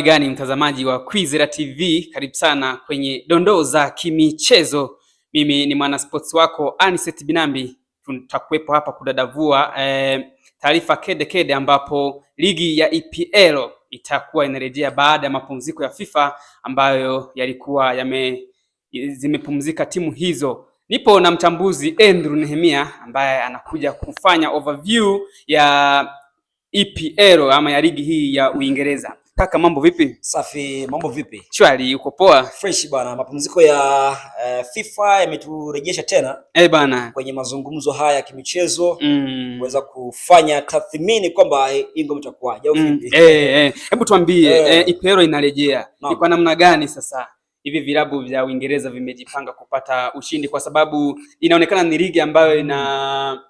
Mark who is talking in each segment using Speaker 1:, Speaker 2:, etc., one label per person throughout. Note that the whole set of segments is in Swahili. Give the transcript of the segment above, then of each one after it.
Speaker 1: Gani mtazamaji wa Kwizera TV, karibu sana kwenye dondoo za kimichezo. Mimi ni mwana sports wako Anset Binambi, tutakuwepo hapa kudadavua eh, taarifa kede kede, ambapo ligi ya EPL itakuwa inarejea baada ya mapumziko ya FIFA ambayo yalikuwa yame zimepumzika timu hizo. Nipo na mchambuzi Andrew Nehemia ambaye anakuja kufanya overview ya EPL ama ya ligi hii ya Uingereza. Kaka, mambo vipi?
Speaker 2: Safi, mambo vipi?
Speaker 1: Shwari, uko poa?
Speaker 2: Fresh bana. Mapumziko ya uh, FIFA yameturejesha tena eh bana kwenye mazungumzo haya ya kimichezo mm. kuweza mm. kufanya tathmini kwamba eh, hii ngoma itakuwaje au
Speaker 1: mm. vipi? Eh, eh. Hebu tuambie eh. Eh, ipero inarejea ni kwa namna gani sasa hivi vilabu vya Uingereza vimejipanga kupata ushindi, kwa sababu inaonekana ni ligi ambayo ina mm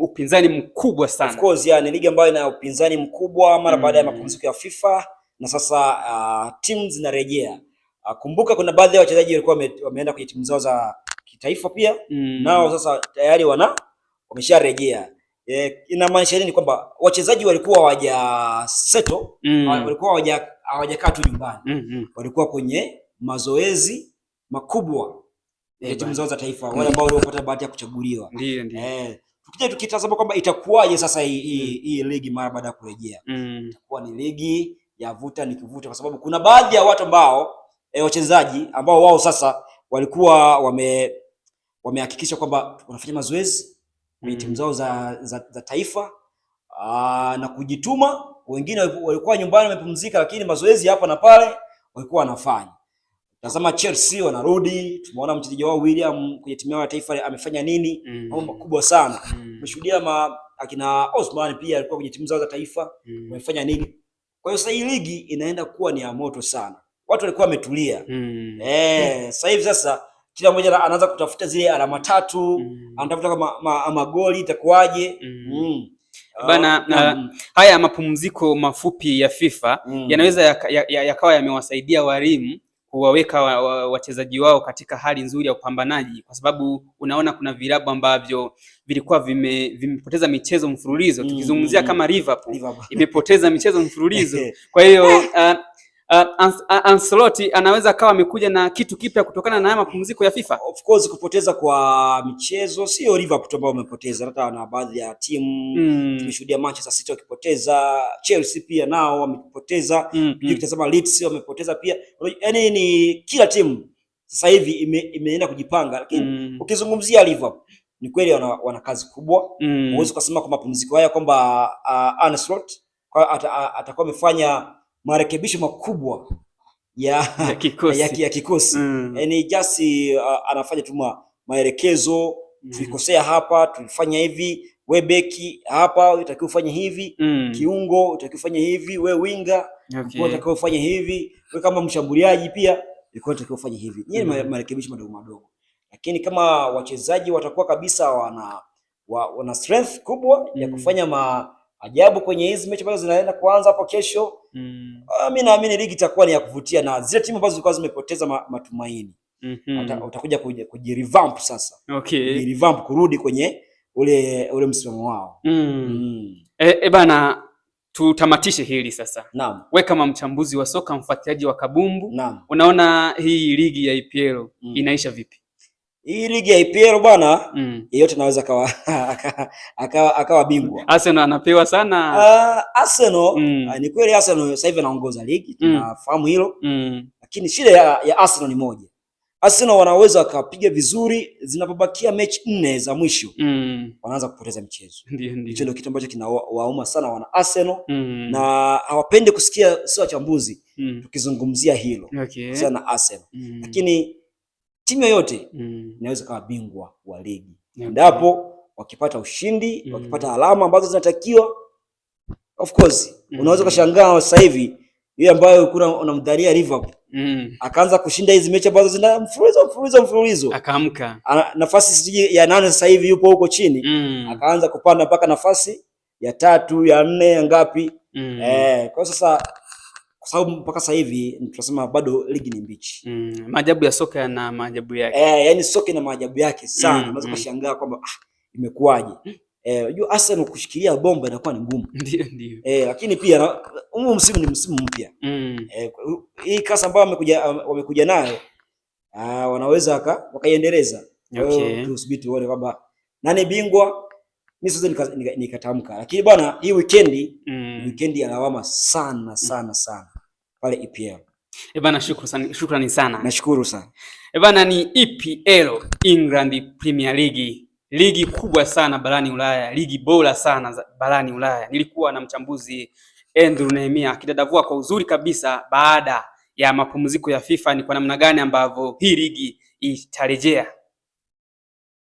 Speaker 1: upinzani mkubwa sana. Of
Speaker 2: course, ya, ni ligi ambayo ina upinzani mkubwa mara mm. baada ya mapumziko ya FIFA na sasa uh, timu zinarejea. Uh, kumbuka kuna baadhi ya wachezaji walikuwa wameenda kwenye timu zao za kitaifa pia mm. Nao sasa tayari wana wamesharejea. E, inamaanisha nini? Kwamba wachezaji walikuwa hawaja seto mm. walikuwa hawaja hawajakaa tu nyumbani mm -hmm. walikuwa kwenye mazoezi makubwa ya timu zao za taifa wale ambao waliopata bahati ya kuchaguliwa. Ndio, ndio. Eh, tukija tukitazama kwamba itakuwaje sasa hii hii ligi mara baada ya kurejea, mm. itakuwa ni ligi ya vuta nikivute, kwa sababu kuna baadhi ya watu ambao e, wachezaji ambao wao sasa walikuwa wame wamehakikisha kwamba wanafanya mazoezi kwenye mm. timu zao za, za, za taifa aa, ah, na kujituma. Wengine walikuwa nyumbani wamepumzika, lakini mazoezi hapa na pale walikuwa wanafanya. Tazama Chelsea wanarudi, tumeona mchezaji wao William kwenye timu yao ya taifa amefanya nini, mm. mambo mm. makubwa sana. mm. Tumeshuhudia mm. akina Osman pia alikuwa kwenye timu zao za taifa mm. wamefanya mm. nini kwa hiyo sasa hii ligi inaenda kuwa ni ya moto sana, watu walikuwa wametulia mm. E, sasa hivi sasa kila mmoja anaanza kutafuta zile alama tatu mm. anatafuta kama magoli itakuwaje? mm. mm.
Speaker 1: Bana, uh, haya mapumziko mafupi ya FIFA mm. yanaweza yakawa ya, ya, ya yamewasaidia walimu kuwaweka wachezaji wao katika hali nzuri ya upambanaji, kwa sababu unaona kuna vilabu ambavyo vilikuwa vime, vimepoteza michezo mfululizo tukizungumzia mm-hmm. kama Liverpool imepoteza michezo mfululizo kwa hiyo uh, Uh, uh, Ancelotti anaweza kawa amekuja na kitu kipya kutokana na haya mapumziko ya FIFA.
Speaker 2: Of course kupoteza kwa michezo sio Liverpool ambao wamepoteza, hata na baadhi ya timu mm. tumeshuhudia Manchester City wakipoteza, Chelsea pia nao wamepoteza, mm ukitazama Leeds wamepoteza pia, yaani ni kila timu sasa hivi ime, imeenda kujipanga, lakini mm. ukizungumzia Liverpool ni kweli wana, wana kazi kubwa mm. Huwezi kusema kwa mapumziko haya kwamba uh, Ancelotti atakuwa amefanya marekebisho makubwa
Speaker 1: ya, ya kikosi, ya,
Speaker 2: ya kikosi. Mm. Eh, ni just uh, anafanya tu maelekezo mm. tulikosea hapa, tulifanya hivi, we beki hapa utakiwa ufanye hivi mm. kiungo utakiwa ufanye hivi, we winga okay. utakiwa ufanye hivi, we kama mshambuliaji pia ilikuwa utakiwa ufanye hivi. Ni mm. marekebisho madogo madogo, lakini kama wachezaji watakuwa kabisa wana wa, wana strength kubwa mm. ya kufanya maajabu kwenye hizi mechi ambazo zinaenda kuanza hapo kesho mm. Ah, mi naamini ligi itakuwa ni ya kuvutia na zile timu ambazo zilikuwa zimepoteza matumaini mm -hmm. utakuja kujirevamp sasa
Speaker 1: okay.
Speaker 2: kurudi kwenye ule ule msimamo wao mm. Mm.
Speaker 1: E, e bana tutamatishe hili sasa. Naam. We kama mchambuzi wa soka, mfuatiliaji wa kabumbu, Naam. unaona hii ligi ya ipl mm. inaisha vipi?
Speaker 2: hii ligi ya IPL bwana mm. yeyote anaweza akawa akawa akawa bingwa. Mm.
Speaker 1: Arsenal anapewa sana.
Speaker 2: Uh, Arsenal mm. uh, ni kweli Arsenal sasa hivi anaongoza ligi mm. tunafahamu mm. hilo mm. lakini shida ya, ya Arsenal ni moja. Arsenal wanaweza wakapiga vizuri, zinapobakia mechi nne za mwisho mm. wanaanza kupoteza mchezo. Hicho ndio kitu ambacho kinawauma sana wana Arsenal mm. na hawapendi kusikia sio wachambuzi mm. tukizungumzia hilo okay. sana Arsenal mm. lakini timu yoyote mm. inaweza kawa bingwa wa ligi endapo yeah. wakipata ushindi mm. wakipata alama ambazo zinatakiwa of course mm. unaweza ukashangaa sasa hivi yule ambayo kuna unamdhania Liverpool mm. akaanza kushinda hizi mechi ambazo zina mfululizo mfululizo mfululizo,
Speaker 1: akaamka
Speaker 2: nafasi sijui ya nane, sasa hivi yupo huko chini mm. akaanza kupanda mpaka nafasi ya tatu ya nne ya ngapi mm. eh, kwa sasa kwa sababu mpaka sasa hivi tunasema bado ligi ni mbichi.
Speaker 1: Mm, maajabu ya soka yana maajabu yake.
Speaker 2: Eh, yani soka ina maajabu yake sana. Mm, Unaweza mm, mm, kushangaa kwamba ah, imekuwaje? Eh, unajua Arsenal kushikilia bomba inakuwa ni ngumu.
Speaker 1: Ndio, ndio.
Speaker 2: Eh, lakini pia huu msimu ni msimu mpya. Mm. Eh, hii kasa ambayo wamekuja wamekuja nayo ah, wanaweza wakaiendeleza. Okay. Tusubiri tuone kwamba nani bingwa. Mimi sasa nikatamka. Nika, nika Lakini bwana, hii weekend mm, weekend ya lawama sana sana sana pale EPL.
Speaker 1: E bana, shukrani sana.
Speaker 2: Nashukuru sana.
Speaker 1: E bana, ni EPL, England Premier League, ligi kubwa sana barani Ulaya, ligi bora sana barani Ulaya. Nilikuwa na mchambuzi Andrew Nehemia akidadavua kwa uzuri kabisa baada ya mapumziko ya FIFA ni kwa namna gani ambavyo hii ligi itarejea.